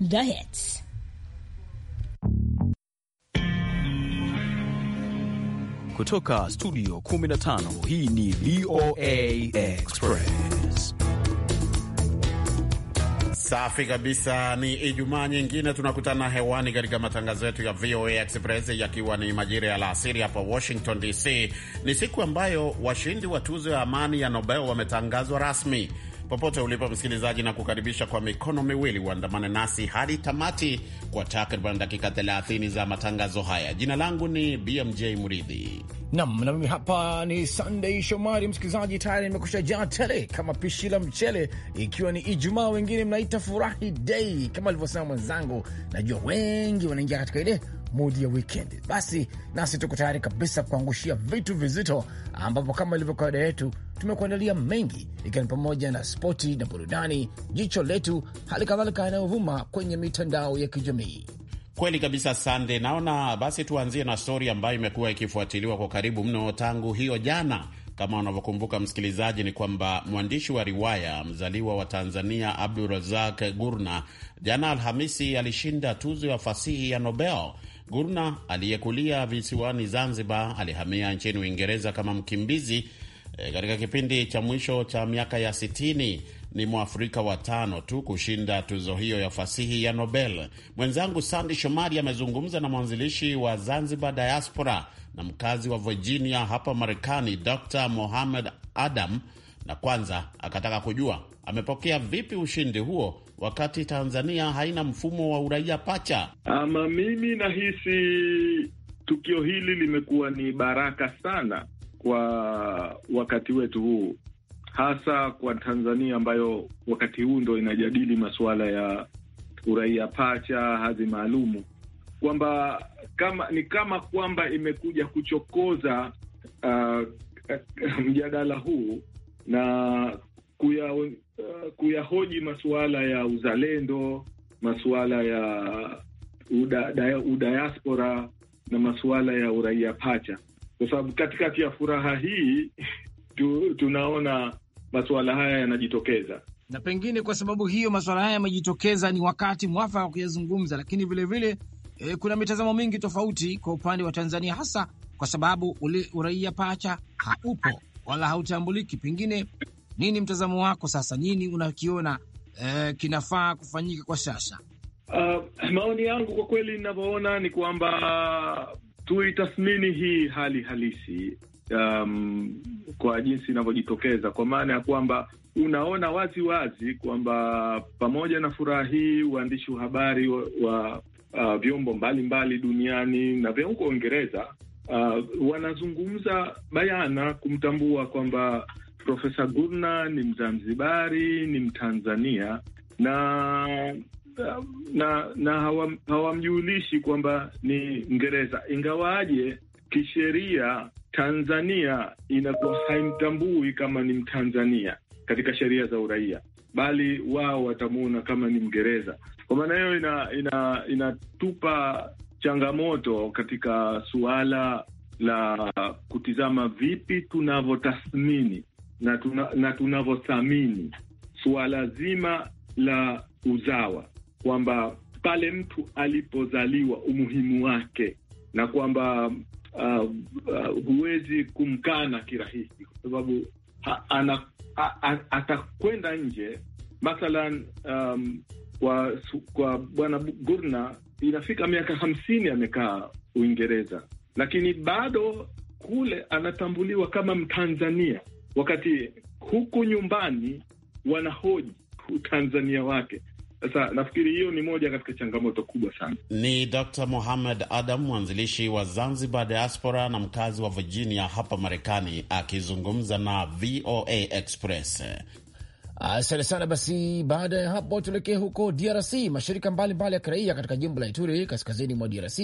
The Hits. Kutoka studio 15 hii ni VOA Express. Safi kabisa, ni Ijumaa nyingine tunakutana hewani katika matangazo yetu ya VOA Express yakiwa ni majira ya alasiri hapa Washington DC. Ni siku ambayo washindi wa tuzo ya amani ya Nobel wametangazwa rasmi popote ulipo msikilizaji, na kukaribisha kwa mikono miwili uandamane nasi hadi tamati kwa takriban dakika 30 za matangazo haya. Jina langu ni BMJ Muridhi nam na mimi hapa ni Sunday Shomari. Msikilizaji, tayari nimekusha jaa tele kama pishi la mchele, ikiwa ni Ijumaa, wengine mnaita furahi dei kama alivyosema mwenzangu. Najua wengi wanaingia katika ile mudi ya wikendi. Basi nasi tuko tayari kabisa kuangushia vitu vizito, ambapo kama ilivyo kawaida yetu tumekuandalia mengi, ikiwa ni pamoja na spoti na burudani, jicho letu, hali kadhalika yanayovuma kwenye mitandao ya kijamii. Kweli kabisa, Sande. Naona basi tuanzie na stori ambayo imekuwa ikifuatiliwa kwa karibu mno tangu hiyo jana. Kama unavyokumbuka msikilizaji, ni kwamba mwandishi wa riwaya mzaliwa wa Tanzania Abdurazak Gurna jana Alhamisi alishinda tuzo ya fasihi ya Nobel Gurna aliyekulia visiwani Zanzibar alihamia nchini Uingereza kama mkimbizi e, katika e, kipindi cha mwisho cha miaka ya sitini. Ni mwafrika wa tano tu kushinda tuzo hiyo ya fasihi ya Nobel. Mwenzangu Sandi Shomari amezungumza na mwanzilishi wa Zanzibar Diaspora na mkazi wa Virginia hapa Marekani, Dr Mohamed Adam, na kwanza akataka kujua amepokea vipi ushindi huo wakati Tanzania haina mfumo wa uraia pacha? Ama mimi nahisi tukio hili limekuwa ni baraka sana kwa wakati wetu huu, hasa kwa Tanzania ambayo wakati huu ndo inajadili masuala ya uraia pacha, hadhi maalumu, kwamba kama ni kama kwamba imekuja kuchokoza uh, uh mjadala huu na kuya, uh, kuyahoji masuala ya uzalendo, masuala ya uda, udayaspora na masuala ya uraia pacha, kwa sababu katikati ya furaha hii tu, tunaona masuala haya yanajitokeza na pengine kwa sababu hiyo masuala haya yamejitokeza, ni wakati mwafaka wa kuyazungumza. Lakini vilevile vile, e, kuna mitazamo mingi tofauti kwa upande wa Tanzania, hasa kwa sababu uraia pacha haupo wala hautambuliki. Pengine nini mtazamo wako sasa, nini unakiona eh, kinafaa kufanyika kwa sasa? Uh, maoni yangu kwa kweli ninavyoona ni kwamba uh, tuitathmini hii hali halisi um, kwa jinsi inavyojitokeza kwa maana ya kwamba unaona wazi wazi kwamba pamoja na furaha hii waandishi wa habari wa, uh, vyombo mbalimbali duniani na vya huko Uingereza uh, wanazungumza bayana kumtambua kwamba Profesa Gurna ni Mzanzibari, ni Mtanzania na na na hawamjulishi hawa kwamba ni ngereza ingawaje kisheria Tanzania inakuwa haimtambui kama ni Mtanzania katika sheria za uraia, bali wao watamwona kama ni Mngereza. Kwa maana hiyo ina, ina, inatupa changamoto katika suala la kutizama vipi tunavyotathmini na, tuna, na tunavyothamini suala zima la uzawa, kwamba pale mtu alipozaliwa umuhimu wake na kwamba huwezi uh, uh, kumkana kirahisi kwa sababu atakwenda nje mathalan, um, kwa, kwa Bwana Gurna inafika miaka hamsini amekaa Uingereza, lakini bado kule anatambuliwa kama Mtanzania wakati huku nyumbani wanahoji utanzania wake. Sasa nafikiri hiyo ni moja katika changamoto kubwa sana. Ni Dr Mohamed Adam, mwanzilishi wa Zanzibar Diaspora na mkazi wa Virginia hapa Marekani, akizungumza na VOA Express. Asante sana. Basi baada ya hapo, tuelekee huko DRC. Mashirika mbalimbali ya kiraia katika jimbo la Ituri kaskazini mwa DRC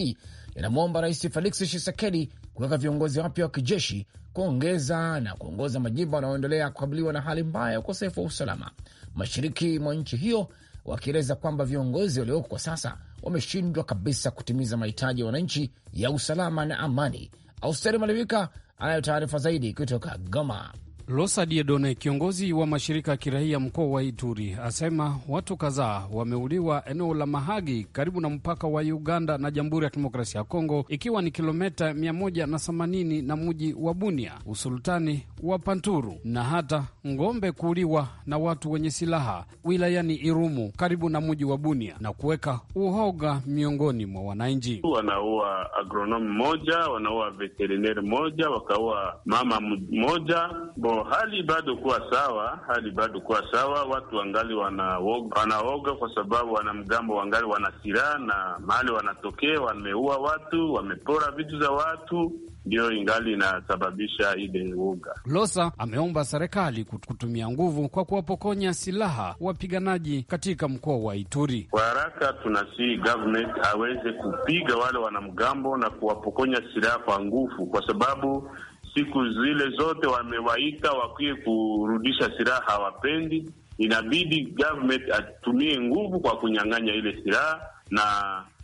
yanamwomba Rais Felix Tshisekedi kuweka viongozi wapya wa kijeshi kuongeza na kuongoza majimbo yanayoendelea kukabiliwa na hali mbaya ya ukosefu wa usalama mashariki mwa nchi hiyo, wakieleza kwamba viongozi walioko kwa sasa wameshindwa kabisa kutimiza mahitaji ya wananchi ya usalama na amani. Austeri Malivika anayo taarifa zaidi kutoka Goma. Losa Diedone, kiongozi wa mashirika ya kiraia mkoa wa Ituri, asema watu kadhaa wameuliwa eneo la Mahagi karibu na mpaka wa Uganda na Jamhuri ya Kidemokrasia ya Kongo, ikiwa ni kilometa 180 na muji wa Bunia, usultani wa Panturu, na hata ng'ombe kuuliwa na watu wenye silaha wilayani Irumu karibu na muji wa Bunia na kuweka uhoga miongoni mwa wananchi. Wanaua agronom moja, wanaua veterineri moja, wakaua mama moja bo hali bado kuwa sawa, hali bado kuwa sawa. Watu wangali wanaoga, wanaoga kwa sababu wanamgambo wangali wana silaha na mahali wanatokea wameua watu, wamepora vitu za watu ndiyo ingali inasababisha ile uga. Losa ameomba serikali kutumia nguvu kwa kuwapokonya silaha wapiganaji katika mkoa wa Ituri kwa haraka. Tunasii government aweze kupiga wale wanamgambo na kuwapokonya silaha kwa nguvu, kwa sababu siku zile zote wamewaita wakie kurudisha silaha hawapendi. Inabidi government atumie nguvu kwa kunyang'anya ile silaha na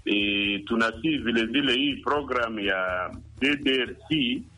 E, tunasii vilevile hii programu ya DDRC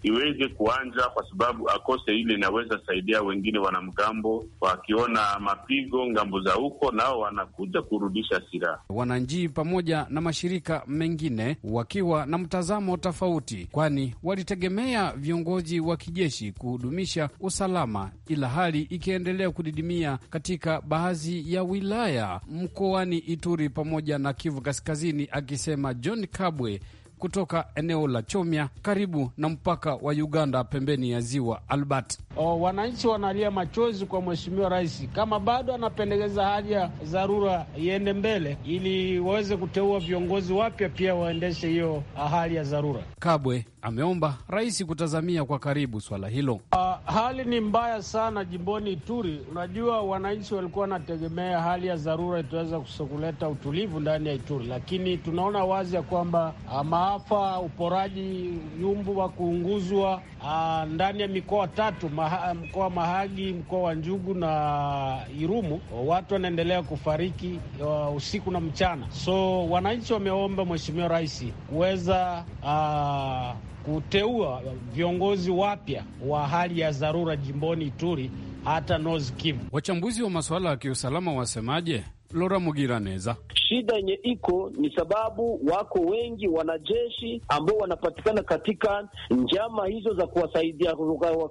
iweze kuanja kwa sababu akose ile inaweza saidia wengine wanamgambo, wakiona mapigo ngambo za huko, nao wanakuja kurudisha silaha. wananjii pamoja na mashirika mengine wakiwa na mtazamo tofauti, kwani walitegemea viongozi wa kijeshi kuhudumisha usalama, ila hali ikiendelea kudidimia katika baadhi ya wilaya mkoani Ituri pamoja na Kivu Kaskazini, akisema John Kabwe kutoka eneo la Chomya karibu na mpaka wa Uganda, pembeni ya ziwa Albert. O, wananchi wanalia machozi kwa mheshimiwa rais, kama bado anapendekeza hali ya dharura iende mbele ili waweze kuteua viongozi wapya, pia waendeshe hiyo ah, hali ya dharura. Kabwe ameomba rais kutazamia kwa karibu swala hilo. Uh, hali ni mbaya sana jimboni Ituri. Unajua, wananchi walikuwa wanategemea hali ya dharura itaweza kuleta utulivu ndani ya Ituri, lakini tunaona wazi ya kwamba uh, maafa, uporaji, nyumbu wa kuunguzwa uh, ndani ya mikoa tatu maha, mkoa Mahagi, mkoa wa Njugu na Irumu, watu wanaendelea kufariki uh, usiku na mchana. So wananchi wameomba mheshimiwa rais kuweza uh, kuteua viongozi wapya wa hali ya dharura jimboni Ituri hata North Kivu. Wachambuzi wa masuala ya kiusalama wasemaje? Lora Mugiraneza, shida yenye iko ni sababu wako wengi wanajeshi ambao wanapatikana katika njama hizo za kuwasaidia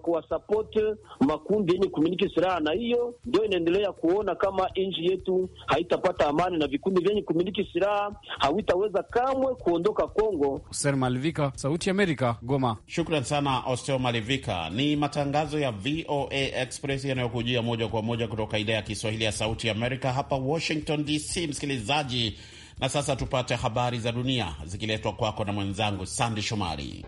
kuwasapoti makundi yenye kumiliki silaha, na hiyo ndio inaendelea kuona kama nchi yetu haitapata amani na vikundi vyenye kumiliki silaha hawitaweza kamwe kuondoka Kongo. Ser Malivika, Sauti ya Amerika, Goma. Shukran sana Osteo Malivika. Ni matangazo ya VOA Express yanayokujia moja kwa moja kutoka idhaa ya Kiswahili ya Sauti ya Amerika hapa Washington. Washington DC, msikilizaji. Na sasa tupate habari za dunia zikiletwa kwako na mwenzangu Sandi Shomari.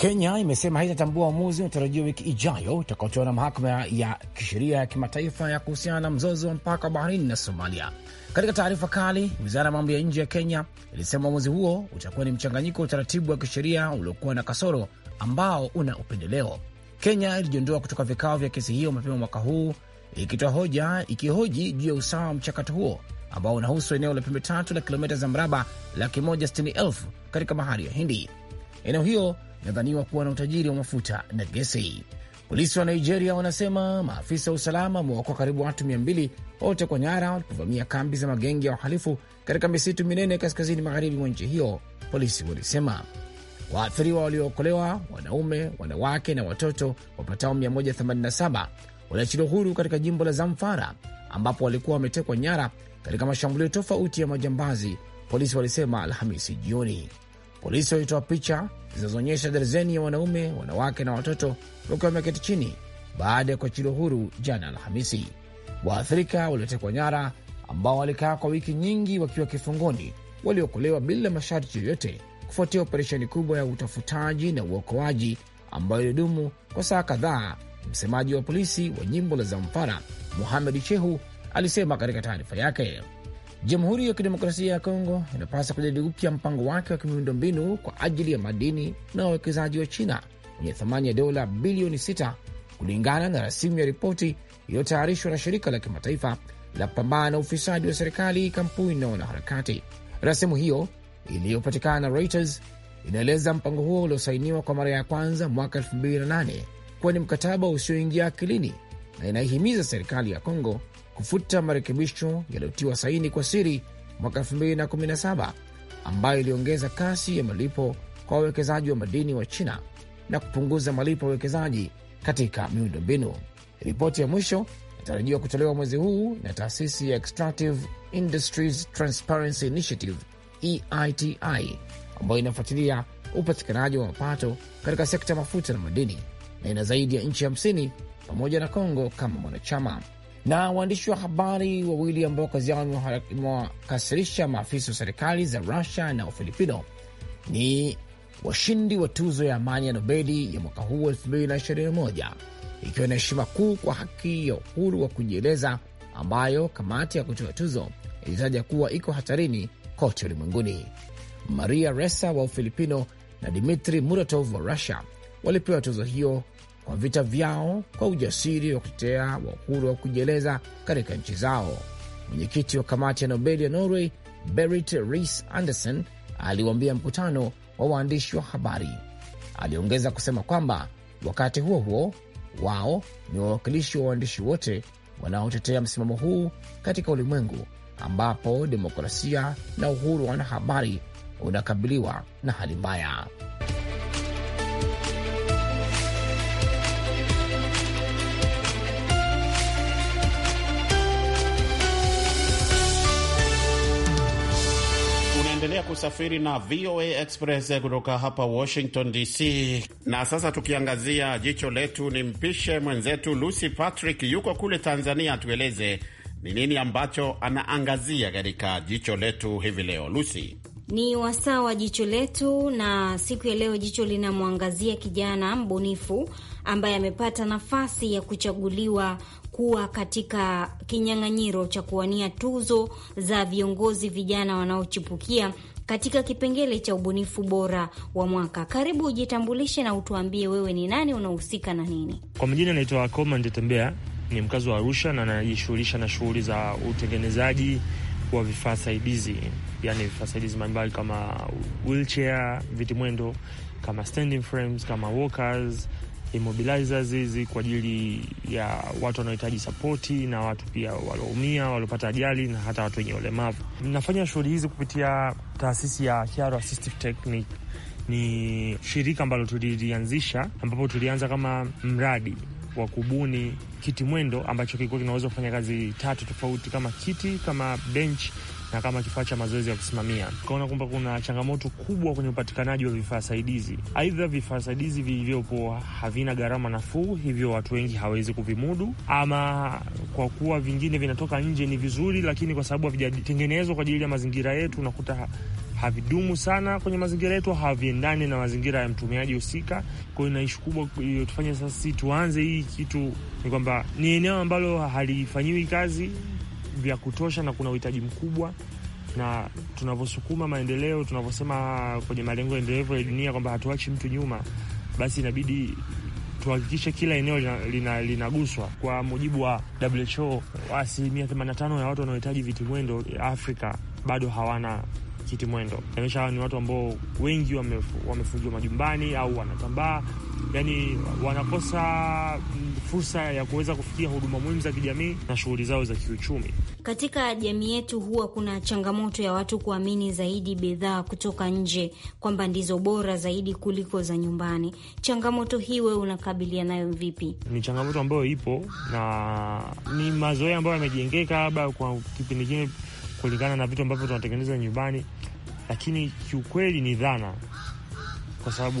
Kenya imesema haitatambua uamuzi unatarajiwa wiki ijayo utakaotoa na mahakama ya kisheria ya kimataifa ya kuhusiana na mzozo wa mpaka wa baharini na Somalia katika taarifa kali, wizara ya mambo ya nje ya Kenya ilisema uamuzi huo utakuwa ni mchanganyiko wa utaratibu wa kisheria uliokuwa na kasoro ambao una upendeleo. Kenya ilijiondoa kutoka vikao vya kesi hiyo mapema mwaka huu ikitoa hoja ikihoji juu ya usawa wa mchakato huo ambao unahusu eneo la pembe tatu la kilomita za mraba laki moja sitini elfu katika bahari ya Hindi. Eneo hiyo inadhaniwa kuwa na utajiri wa mafuta na gesi. Polisi wa Nigeria wanasema maafisa wa usalama wamewaokoa karibu watu mia mbili wote kwa nyara walipovamia kambi za magenge ya wahalifu katika misitu minene kaskazini magharibi mwa nchi hiyo, polisi walisema. Waathiriwa waliookolewa, wanaume, wanawake na watoto wapatao 187 waliachiliwa huru katika jimbo la Zamfara ambapo walikuwa wametekwa nyara katika mashambulio tofauti ya majambazi, polisi walisema Alhamisi jioni. Polisi walitoa picha zinazoonyesha darzeni ya wanaume, wanawake na watoto wakiwa wameketi chini baada ya kuachiliwa huru jana Alhamisi. Waathirika waliotekwa nyara ambao walikaa kwa wiki nyingi wakiwa kifungoni waliokolewa bila masharti yoyote kufuatia operesheni kubwa ya utafutaji na uokoaji ambayo ilidumu kwa saa kadhaa. Msemaji wa polisi wa jimbo la Zamfara, Muhamed Shehu, alisema katika taarifa yake. Jamhuri ya Kidemokrasia ya Kongo inapaswa kujadili upya mpango wake wa kimiundo mbinu kwa ajili ya madini na wawekezaji wa China wenye thamani ya dola bilioni 6 kulingana na rasimu ya ripoti iliyotayarishwa na shirika la kimataifa la kupambana na ufisadi wa serikali, kampuni na wanaharakati. Rasimu hiyo iliyopatikana na Reuters inaeleza mpango huo uliosainiwa kwa mara ya kwanza mwaka 2008 kuwa ni mkataba usioingia akilini na inaihimiza serikali ya Kongo kufuta marekebisho yaliyotiwa saini kwa siri mwaka 2017 ambayo iliongeza kasi ya malipo kwa wawekezaji wa madini wa China na kupunguza malipo ya wawekezaji katika miundombinu. Ripoti ya mwisho inatarajiwa kutolewa mwezi huu na taasisi ya Extractive Industries Transparency Initiative EITI, ambayo inafuatilia upatikanaji wa mapato katika sekta mafuta na madini na ina zaidi ya nchi 50 pamoja na Kongo kama mwanachama. Na waandishi wa habari wawili ambao kazi yao imewakasirisha maafisa wa serikali za Rusia na Ufilipino ni washindi wa tuzo ya amani ya Nobeli ya mwaka huu 221 ikiwa na heshima kuu kwa haki ya uhuru wa kujieleza ambayo kamati ya kutoa tuzo ilitaja kuwa iko hatarini kote ulimwenguni. Maria Ressa wa Ufilipino na Dmitri Muratov wa Russia walipewa tuzo hiyo kwa vita vyao kwa ujasiri wa kutetea wa uhuru wa kujieleza katika nchi zao. Mwenyekiti wa kamati ya nobeli ya Norway Berit ris andersen aliwaambia mkutano wa waandishi wa habari. Aliongeza kusema kwamba wakati huo huo wao ni wawakilishi wa waandishi wote wanaotetea msimamo huu katika ulimwengu ambapo demokrasia na uhuru wa wanahabari unakabiliwa na hali mbaya. Unaendelea kusafiri na VOA Express kutoka hapa Washington DC, na sasa tukiangazia jicho letu, ni mpishe mwenzetu Lucy Patrick yuko kule Tanzania, atueleze ni nini ambacho anaangazia katika jicho letu hivi leo. Lucy. Ni wasaa wa jicho letu, na siku ya leo jicho linamwangazia kijana mbunifu ambaye amepata nafasi ya kuchaguliwa kuwa katika kinyang'anyiro cha kuwania tuzo za viongozi vijana wanaochipukia katika kipengele cha ubunifu bora wa mwaka. Karibu ujitambulishe na utuambie wewe ni nani, unahusika na nini? Kwa majina naitwa Koma Ndetembea, ni mkazi wa Arusha na najishughulisha na shughuli za utengenezaji wa vifaa saidizi, yani vifaa saidizi mbalimbali kama wheelchair, mwendo, kama standing frames, kama walkers immobilizers hizi kwa ajili ya watu wanaohitaji sapoti na watu pia walioumia, waliopata ajali na hata watu wenye ulemavu. Nafanya shughuli hizi kupitia taasisi ya Kiaro Assistive Technique. Ni shirika ambalo tulilianzisha, ambapo tulianza kama mradi wa kubuni kiti mwendo ambacho kilikuwa kinaweza kufanya kazi tatu tofauti, kama kiti, kama bench na kama kifaa cha mazoezi ya kusimamia. Tukaona kwamba kuna changamoto kubwa kwenye upatikanaji wa vifaa saidizi. Aidha, vifaa saidizi vilivyopo havina gharama nafuu, hivyo watu wengi hawawezi kuvimudu, ama kwa kuwa vingine vinatoka nje ni vizuri, lakini kwa sababu havijatengenezwa kwa ajili ya mazingira yetu unakuta havidumu sana kwenye mazingira yetu, haviendani na mazingira ya mtumiaji husika. Kwa hiyo inaishi kubwa iliyotufanya eh, sasa si tuanze hii kitu ni kwamba ni eneo ambalo halifanyiwi kazi vya kutosha na kuna uhitaji mkubwa, na tunavyosukuma maendeleo, tunavyosema kwenye malengo endelevu ya dunia kwamba hatuachi mtu nyuma, basi inabidi tuhakikishe kila eneo linaguswa lina, kwa mujibu wa WHO asilimia 85 ya watu wanaohitaji vitimwendo Afrika bado hawana kiti mwendo. Inaonyesha yaani hawa ni watu ambao wengi wamefungiwa majumbani au wanatambaa, yani wanakosa mm, fursa ya kuweza kufikia huduma muhimu za kijamii na shughuli zao za kiuchumi. Katika jamii yetu huwa kuna changamoto ya watu kuamini zaidi bidhaa kutoka nje kwamba ndizo bora zaidi kuliko za nyumbani. Changamoto hii wewe unakabilia nayo vipi? Ni changamoto ambayo ipo na ni mazoea ambayo yamejengeka labda kwa kipindi kingine kulingana na vitu ambavyo tunatengeneza nyumbani, lakini kiukweli ni dhana, kwa sababu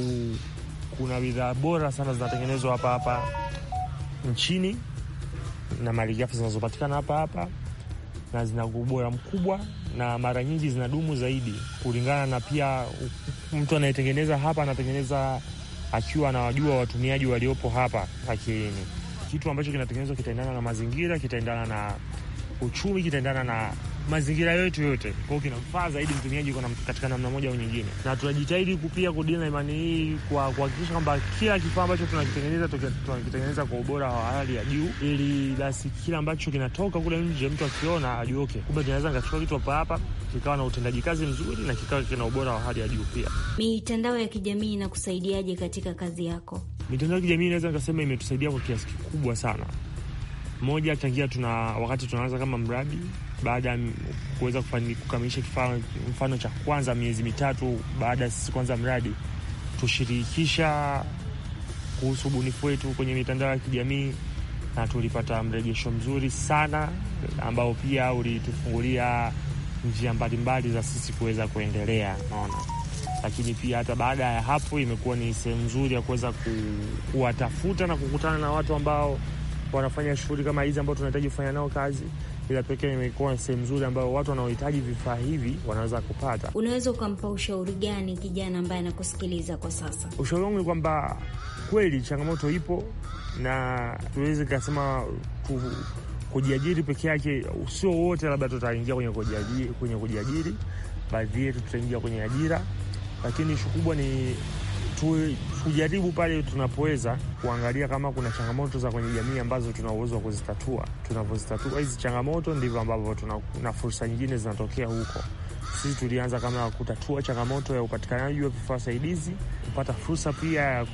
kuna bidhaa bora sana zinatengenezwa hapa hapa nchini na malighafi zinazopatikana hapa hapa na zina ubora mkubwa, na mara nyingi zinadumu zaidi kulingana na pia mtu anayetengeneza hapa anatengeneza akiwa anawajua watumiaji waliopo hapa Kakieni. Kitu ambacho kinatengenezwa kitaendana na mazingira, kitaendana na uchumi, kitaendana na mazingira yetu yote. kwao kinamfaa zaidi mtumiaji katika namna moja au nyingine, na tunajitahidi kupia kudili na imani hii kwa kuhakikisha kwamba kila kifaa ambacho tunakitengeneza tunakitengeneza kwa ubora wa hali ya juu, ili basi kila ambacho kinatoka kule nje mtu akiona ajuoke, kumbe tunaweza nikachukua kitu hapa hapa kikawa na utendaji kazi mzuri na kikawa kina ubora wa hali ya juu. Pia mitandao ya kijamii inakusaidiaje katika kazi yako? Mitandao ya kijamii inaweza nikasema imetusaidia kwa kiasi kikubwa sana. Moja, tangia tuna wakati tunaanza kama mradi baada ya kuweza kukamilisha mfano cha kwanza miezi mitatu baada ya sisi kuanza mradi, tushirikisha kuhusu ubunifu wetu kwenye mitandao ya kijamii na tulipata mrejesho mzuri sana ambao pia ulitufungulia njia mbalimbali za sisi kuweza kuendelea, naona. Lakini pia hata baada ya hapo imekuwa ni sehemu nzuri ya kuweza kuwatafuta na kukutana na watu ambao wanafanya shughuli kama hizi ambao tunahitaji kufanya nao kazi ila pekee imekuwa sehemu nzuri ambayo watu wanaohitaji vifaa hivi wanaweza kupata. Unaweza ukampa ushauri gani kijana ambaye anakusikiliza kwa sasa? Ushauri wangu ni kwamba kweli changamoto ipo na tuwezi kasema kujiajiri peke yake sio wote, labda tutaingia kwenye kujiajiri, kwenye kujiajiri baadhi yetu tutaingia kwenye ajira, lakini ishu kubwa ni tujaribu pale tunapoweza kuangalia kama kuna changamoto za kwenye jamii ambazo tuna uwezo wa kuzitatua. Tunavyozitatua hizi changamoto, ndivyo ambavyo tuna na fursa nyingine zinatokea huko. Sisi tulianza kama kutatua changamoto ya upatikanaji wa vifaa saidizi, kupata fursa pia ya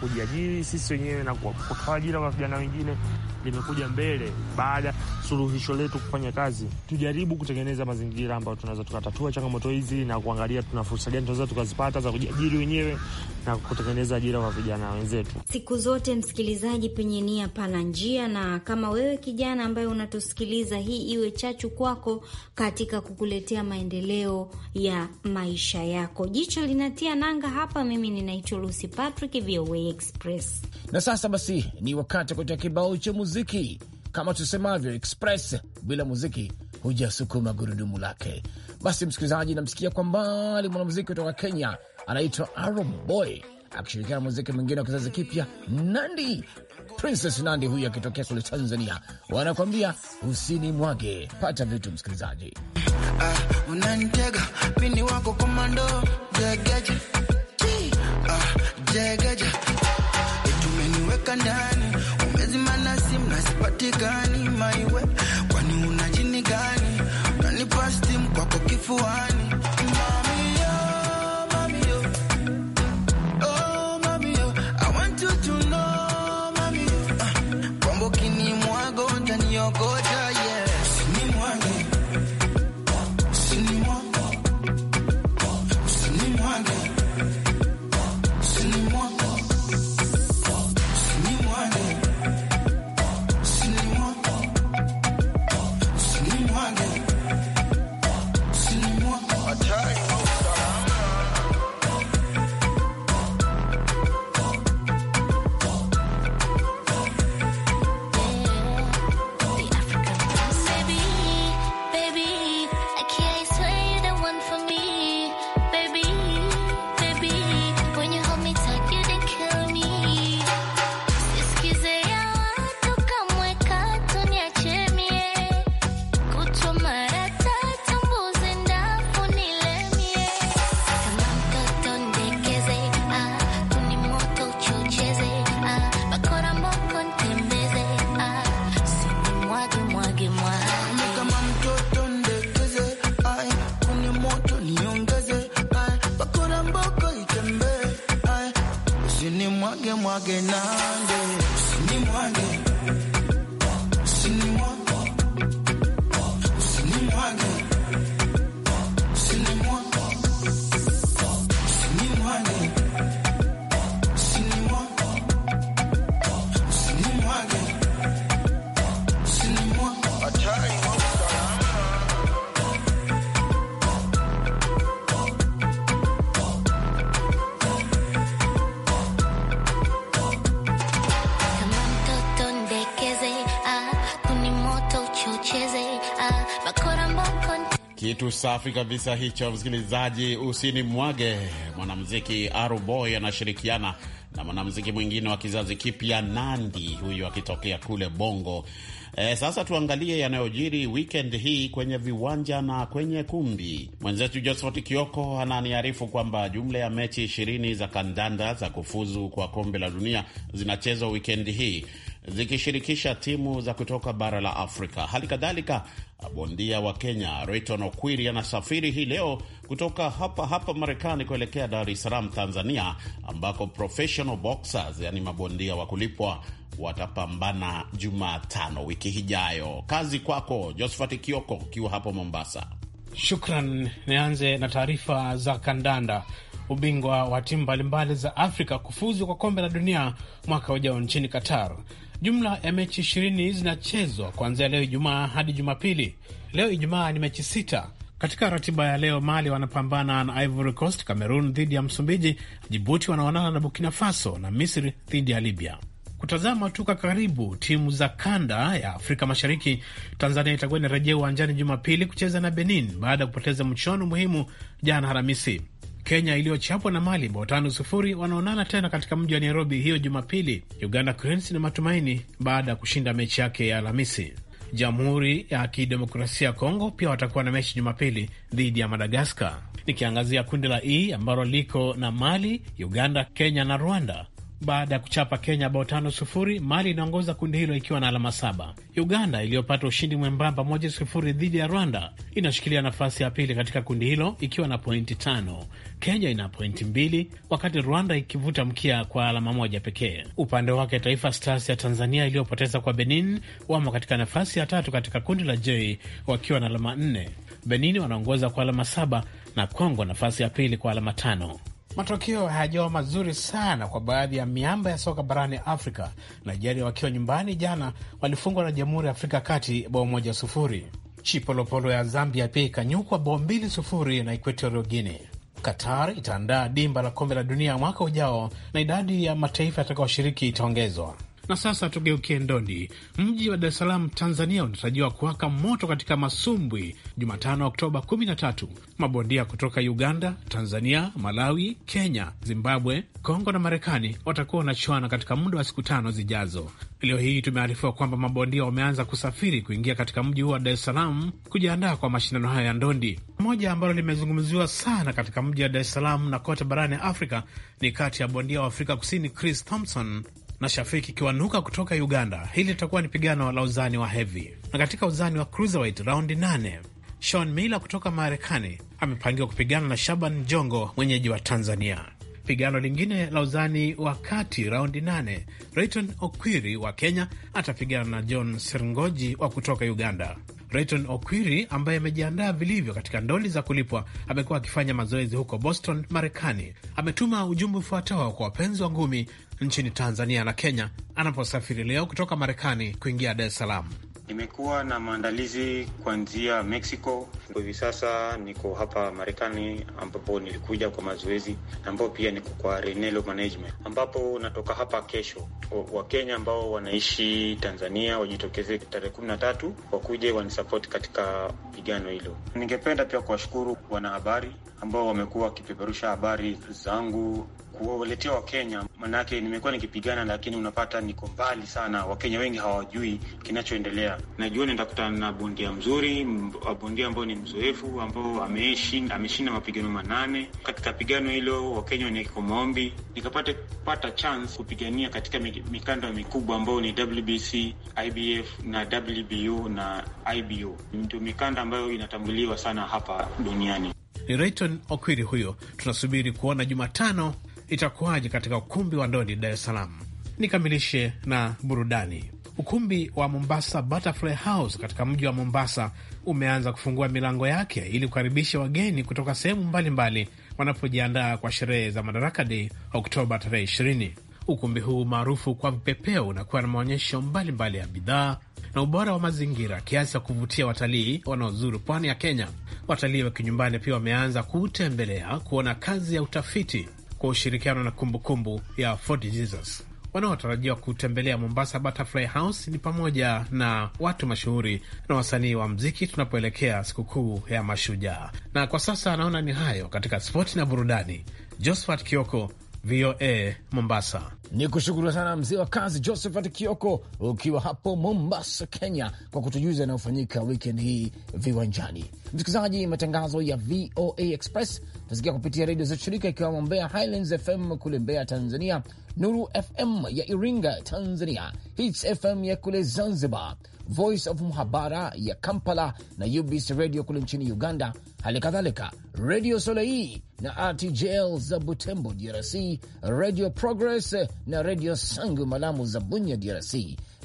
kujiajiri sisi wenyewe na kutoa ajira kwa vijana wengine limekuja mbele baada ya suluhisho letu kufanya kazi. Tujaribu kutengeneza mazingira ambayo tunaweza tukatatua changamoto hizi na kuangalia tuna fursa gani tunaweza tukazipata za kujiajiri wenyewe na kutengeneza ajira kwa vijana wenzetu. Siku zote, msikilizaji, penye nia pana njia, na kama wewe kijana ambaye unatusikiliza, hii iwe chachu kwako katika kukuletea maendeleo ya maisha yako. Jicho linatia nanga hapa. Mimi ninaitwa Lucy Patrick, VOA Express, na sasa basi ni wakati wa kutia kibao cha muziki muziki kama tusemavyo express, bila muziki hujasukuma gurudumu lake. Basi msikilizaji, namsikia kwa mbali mwanamuziki kutoka Kenya anaitwa Arum Boy akishirikiana muziki mwingine wa kizazi kipya Nandi, Princess Nandi huyu akitokea kule Tanzania, wanakwambia usini mwage. Pata vitu msikilizaji, uh, unanitega wako komando uh, ah, tumeniweka ndani sipatikani maiwe, kwani una jini gani? Unanipa stimu kwako kifuani mwage nande, usinimwage Kitu safi kabisa hicho, msikilizaji, usini mwage Mwanamuziki Aruboy anashirikiana na mwanamuziki mwingine wa kizazi kipya Nandi, huyu akitokea kule Bongo. E, sasa tuangalie yanayojiri weekend hii kwenye viwanja na kwenye kumbi. Mwenzetu Josephat Kioko ananiarifu kwamba jumla ya mechi ishirini za kandanda za kufuzu kwa kombe la dunia zinachezwa wikendi hii zikishirikisha timu za kutoka bara la Afrika. Hali kadhalika, bondia wa Kenya Rayton Okwiri anasafiri hii leo kutoka hapa hapa Marekani kuelekea Dar es Salaam, Tanzania, ambako professional boxers, yani mabondia wa kulipwa watapambana Jumatano wiki hijayo. Kazi kwako Josephat Kioko ukiwa hapo Mombasa. Shukran. Nianze na taarifa za kandanda. Ubingwa wa timu mbalimbali za Afrika kufuzu kwa kombe la dunia mwaka ujao nchini Qatar Jumla ya mechi ishirini zinachezwa kuanzia leo Ijumaa hadi Jumapili. Leo Ijumaa ni mechi sita. Katika ratiba ya leo, Mali wanapambana na Ivory Coast, Cameroon dhidi ya Msumbiji, Jibuti wanaonana na Burkina Faso na Misri dhidi ya Libya. Kutazama tu kwa karibu timu za kanda ya Afrika Mashariki, Tanzania itakuwa inarejea uwanjani Jumapili kucheza na Benin baada ya kupoteza mchuano muhimu jana haramisi Kenya iliyochapwa na Mali bao tano sufuri wanaonana tena katika mji wa Nairobi hiyo Jumapili. Uganda Cranes na matumaini baada ya kushinda mechi yake ya Alhamisi. Jamhuri ya Kidemokrasia ya Kongo pia watakuwa na mechi Jumapili dhidi ya Madagaskar. Nikiangazia kundi la E ambalo liko na Mali, Uganda, Kenya na Rwanda baada ya kuchapa Kenya bao tano sufuri. Mali inaongoza kundi hilo ikiwa na alama saba. Uganda iliyopata ushindi mwembamba moja sufuri dhidi ya Rwanda inashikilia nafasi ya pili katika kundi hilo ikiwa na pointi tano. Kenya ina pointi mbili, wakati Rwanda ikivuta mkia kwa alama moja pekee. Upande wake Taifa Stars ya Tanzania iliyopoteza kwa Benin wamo katika nafasi ya tatu katika kundi la J wakiwa na alama nne. Benin wanaongoza kwa alama saba na Kongo nafasi ya pili kwa alama tano. Matokeo hayajawa mazuri sana kwa baadhi ya miamba ya soka barani Afrika. Nigeria wakiwa nyumbani jana walifungwa na Jamhuri ya Afrika Kati bao moja sufuri. Chipolopolo ya Zambia pia ikanyukwa bao mbili sufuri na equatorio guine Qatar itaandaa dimba la kombe la dunia mwaka ujao na idadi ya mataifa yatakayoshiriki itaongezwa. Na sasa tugeukie ndoni. Mji wa Dar es Salaam, Tanzania, unatarajiwa kuwaka moto katika masumbwi Jumatano, Oktoba 13. Mabondia kutoka Uganda, Tanzania, Malawi, Kenya, Zimbabwe, Kongo na Marekani watakuwa wanachuana katika muda wa siku tano zijazo. Leo hii tumearifiwa kwamba mabondia wameanza kusafiri kuingia katika mji huo wa Dar es Salaam kujiandaa kwa mashindano hayo ya ndondi. Moja ambalo limezungumziwa sana katika mji wa Dar es Salaam na kote barani Afrika ni kati ya bondia wa Afrika Kusini Chris Thompson na Shafiki Kiwanuka kutoka Uganda. Hili litakuwa ni pigano la uzani wa hevi na katika uzani wa cruiserweight raundi nane Sean Miller kutoka Marekani amepangiwa kupigana na Shaban Jongo mwenyeji wa Tanzania. Pigano lingine la uzani wa kati raundi nane, Rayton Okwiri wa Kenya atapigana na John Serngoji wa kutoka Uganda. Rayton Okwiri ambaye amejiandaa vilivyo katika ndoli za kulipwa, amekuwa akifanya mazoezi huko Boston, Marekani. Ametuma ujumbe ufuatao kwa wapenzi wa ngumi nchini Tanzania na Kenya anaposafiri leo kutoka Marekani kuingia Dar es Salaam. Nimekuwa na maandalizi kuanzia Mexico, hivi sasa niko hapa Marekani ambapo nilikuja kwa mazoezi, ambao pia niko kwa Renelo Management, ambapo natoka hapa kesho. Wakenya ambao wanaishi Tanzania wajitokeze tarehe kumi na tatu wakuje wanisapoti katika pigano hilo. Ningependa pia kuwashukuru wanahabari ambao wamekuwa wakipeperusha habari zangu kuwaletea Wakenya, manake nimekuwa nikipigana, lakini unapata niko mbali sana. Wakenya wengi hawajui kinachoendelea. Najua nitakutana na bondia mzuri, bondia ambao ni mzoefu, ambao ameshinda mapigano manane. Katika pigano hilo, Wakenya wanaeko maombi nikapate kupata chance kupigania katika mikanda mikubwa ambayo ni WBC, IBF na WBO na IBO, ndio mikanda ambayo inatambuliwa sana hapa duniani. Ni Rayton Okwiri huyo, tunasubiri kuona Jumatano itakuwaje katika ukumbi wa ndoni Dar es Salaam. Nikamilishe na burudani. Ukumbi wa Mombasa Butterfly House katika mji wa Mombasa umeanza kufungua milango yake ili kukaribisha wageni kutoka sehemu mbalimbali wanapojiandaa kwa sherehe za Madaraka Day Oktoba tarehe 20. Ukumbi huu maarufu kwa vipepeo unakuwa na maonyesho mbalimbali ya bidhaa na ubora wa mazingira kiasi ya kuvutia watalii wanaozuru pwani ya Kenya. Watalii wa kinyumbani pia wameanza kuutembelea kuona kazi ya utafiti kwa ushirikiano na kumbukumbu kumbu ya Fort Jesus. Wanaotarajiwa kutembelea Mombasa Butterfly House ni pamoja na watu mashuhuri na wasanii wa mziki tunapoelekea sikukuu ya Mashujaa. Na kwa sasa anaona ni hayo katika spoti na burudani. Josephat Kioko VOA Mombasa. Ni kushukuru sana mzee wa kazi Josephat Kioko ukiwa hapo Mombasa, Kenya, kwa kutujuza yanayofanyika wikendi hii viwanjani. Msikilizaji, matangazo ya VOA Express tasikia kupitia redio za shirika ikiwamo Mbeya Highlands FM kule Mbeya, Tanzania, Nuru FM ya Iringa, Tanzania, Hits FM ya kule Zanzibar, Voice of Muhabara ya Kampala na UBC Radio kule nchini Uganda, hali kadhalika Radio Solei na RTGL za Butembo DRC, Radio Progress na Radio Sangu Malamu za Bunya DRC,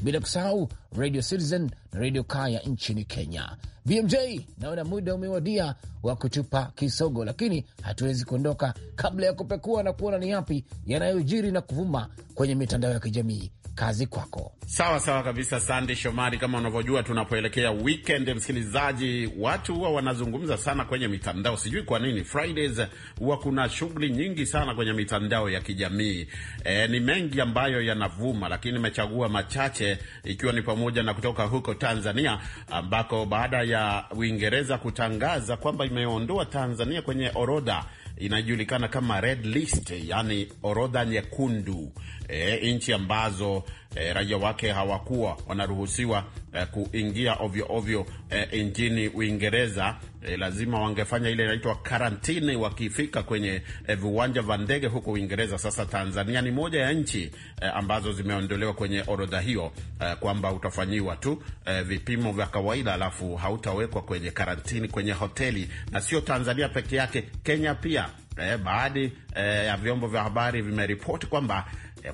bila kusahau Radio Citizen na Radio Kaya nchini Kenya. BMJ, naona muda umewadia wa kutupa kisogo, lakini hatuwezi kuondoka kabla ya kupekua na kuona ni yapi yanayojiri na kuvuma kwenye mitandao ya kijamii kazi kwako. Sawa sawa kabisa, Sande Shomari. Kama unavyojua tunapoelekea weekend, msikilizaji, watu huwa wanazungumza sana kwenye mitandao, sijui kwa nini. Fridays huwa kuna shughuli nyingi sana kwenye mitandao ya kijamii e, ni mengi ambayo yanavuma, lakini nimechagua machache, ikiwa ni pamoja na kutoka huko Tanzania ambako baada ya Uingereza kutangaza kwamba imeondoa Tanzania kwenye orodha inajulikana kama red list, yani orodha nyekundu e, nchi ambazo e, raia wake hawakuwa wanaruhusiwa e, kuingia ovyo ovyo e, nchini Uingereza. E, lazima wangefanya ile inaitwa karantini wakifika kwenye e, viwanja vya ndege huko Uingereza. Sasa Tanzania ni moja ya nchi e, ambazo zimeondolewa kwenye orodha hiyo e, kwamba utafanyiwa tu e, vipimo vya kawaida, alafu hautawekwa kwenye karantini kwenye hoteli. Na sio Tanzania peke yake, Kenya pia. E, baadhi e, ya vyombo vya habari vimeripoti kwamba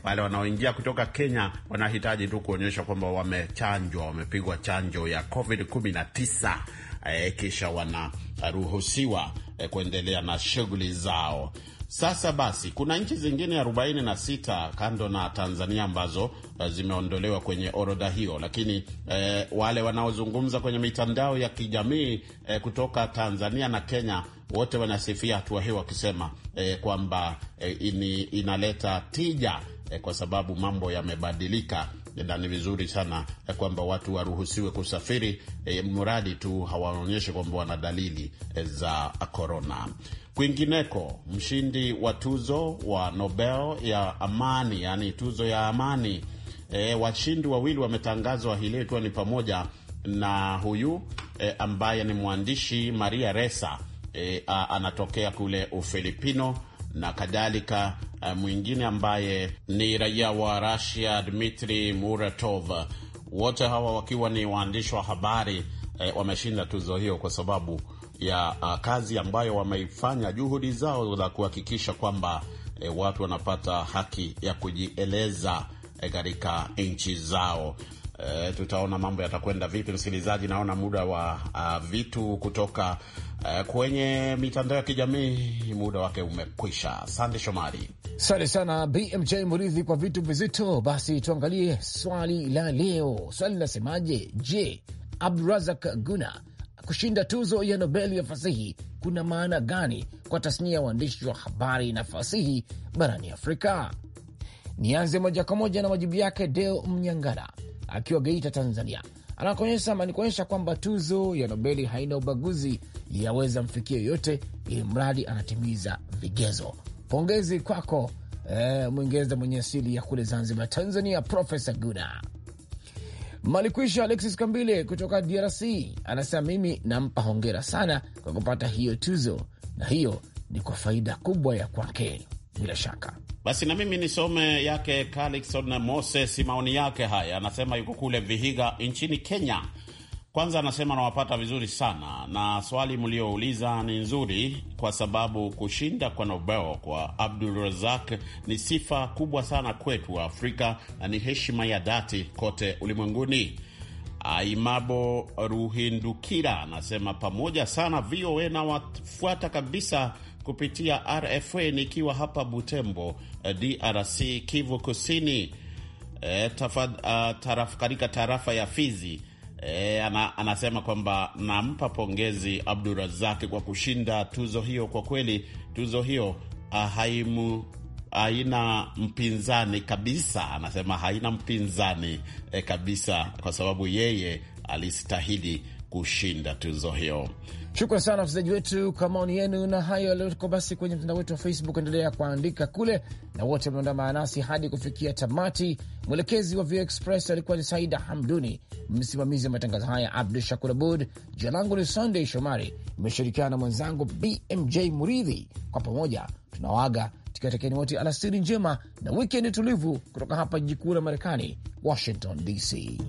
wale eh, wanaoingia kutoka Kenya wanahitaji tu kuonyesha kwamba wamechanjwa, wamepigwa chanjo ya COVID-19 eh, kisha wanaruhusiwa eh, kuendelea na shughuli zao. Sasa basi, kuna nchi zingine 46 kando na Tanzania ambazo zimeondolewa kwenye orodha hiyo, lakini eh, wale wanaozungumza kwenye mitandao ya kijamii eh, kutoka Tanzania na Kenya wote wanasifia hatua hiyo wakisema eh, kwamba eh, inaleta tija Eh, kwa sababu mambo yamebadilika, eh, na ni vizuri sana eh, kwamba watu waruhusiwe kusafiri e, mradi tu hawaonyeshi kwamba wana dalili za korona. Kwingineko, mshindi wa tuzo wa Nobel ya amani, yani tuzo ya amani e, washindi wawili wametangazwa hii leo, ikiwa ni pamoja na huyu e, ambaye ni mwandishi Maria Ressa e, anatokea kule Ufilipino na kadhalika Eh, mwingine ambaye ni raia wa Russia Dmitri Muratov, wote hawa wakiwa ni waandishi wa habari e, wameshinda tuzo hiyo kwa sababu ya a, eh, kazi ambayo wameifanya, juhudi zao za kuhakikisha kwamba e, watu wanapata haki ya kujieleza katika e, nchi zao. E, tutaona mambo yatakwenda vipi, msikilizaji. Naona muda wa a, vitu kutoka Eh, kwenye mitandao ya kijamii. Muda wake umekwisha. Sande Shomari, sante sana BMJ Muridhi kwa vitu vizito. Basi tuangalie swali la leo. Swali linasemaje? Je, Abdurazak Guna kushinda tuzo ya Nobeli ya fasihi kuna maana gani kwa tasnia ya waandishi wa habari na fasihi barani Afrika? Nianze moja kwa moja na majibu yake Deo Mnyangara akiwa Geita, Tanzania anakuonyesha manikuonyesha kwamba tuzo ya Nobeli haina ubaguzi, yaweza mfikia yoyote, ili mradi anatimiza vigezo. Pongezi kwako eh, Mwingereza mwenye asili ya kule Zanzibar, Tanzania, Profesa Guda Malikwisha. Alexis Kambile kutoka DRC anasema mimi nampa hongera sana kwa kupata hiyo tuzo, na hiyo ni kwa faida kubwa ya kwake bila shaka. Basi na mimi nisome yake Calixon Moses, maoni yake haya. Anasema yuko kule Vihiga nchini Kenya. Kwanza anasema nawapata vizuri sana, na swali mliouliza ni nzuri, kwa sababu kushinda kwa Nobel kwa Abdul Razak ni sifa kubwa sana kwetu wa Afrika na ni heshima ya dhati kote ulimwenguni. Aimabo Ruhindukira anasema pamoja sana VOA, nawafuata kabisa kupitia RFA nikiwa hapa Butembo, eh, DRC, Kivu Kusini, e, eh, ah, taraf, katika tarafa ya Fizi. E, ana, anasema kwamba nampa pongezi Abdurazaki kwa kushinda tuzo hiyo. Kwa kweli tuzo hiyo ah, haimu haina mpinzani kabisa, anasema haina mpinzani e, kabisa, kwa sababu yeye alistahili kushinda tuzo hiyo. Shukran sana wasikilizaji wetu kwa maoni yenu na hayo yaliyoko basi kwenye mtandao wetu wa Facebook. Endelea kuandika kule na wote wameandamana nasi hadi kufikia tamati. Mwelekezi wa VOA Express alikuwa ni Saida Hamduni, msimamizi wa matangazo haya Abdu Shakur Abud. Jina langu ni Sunday Shomari, imeshirikiana na mwenzangu BMJ Muridhi. Kwa pamoja tunawaaga tukiwatakieni wote alasiri njema na wikendi tulivu, kutoka hapa jiji kuu la Marekani, Washington DC.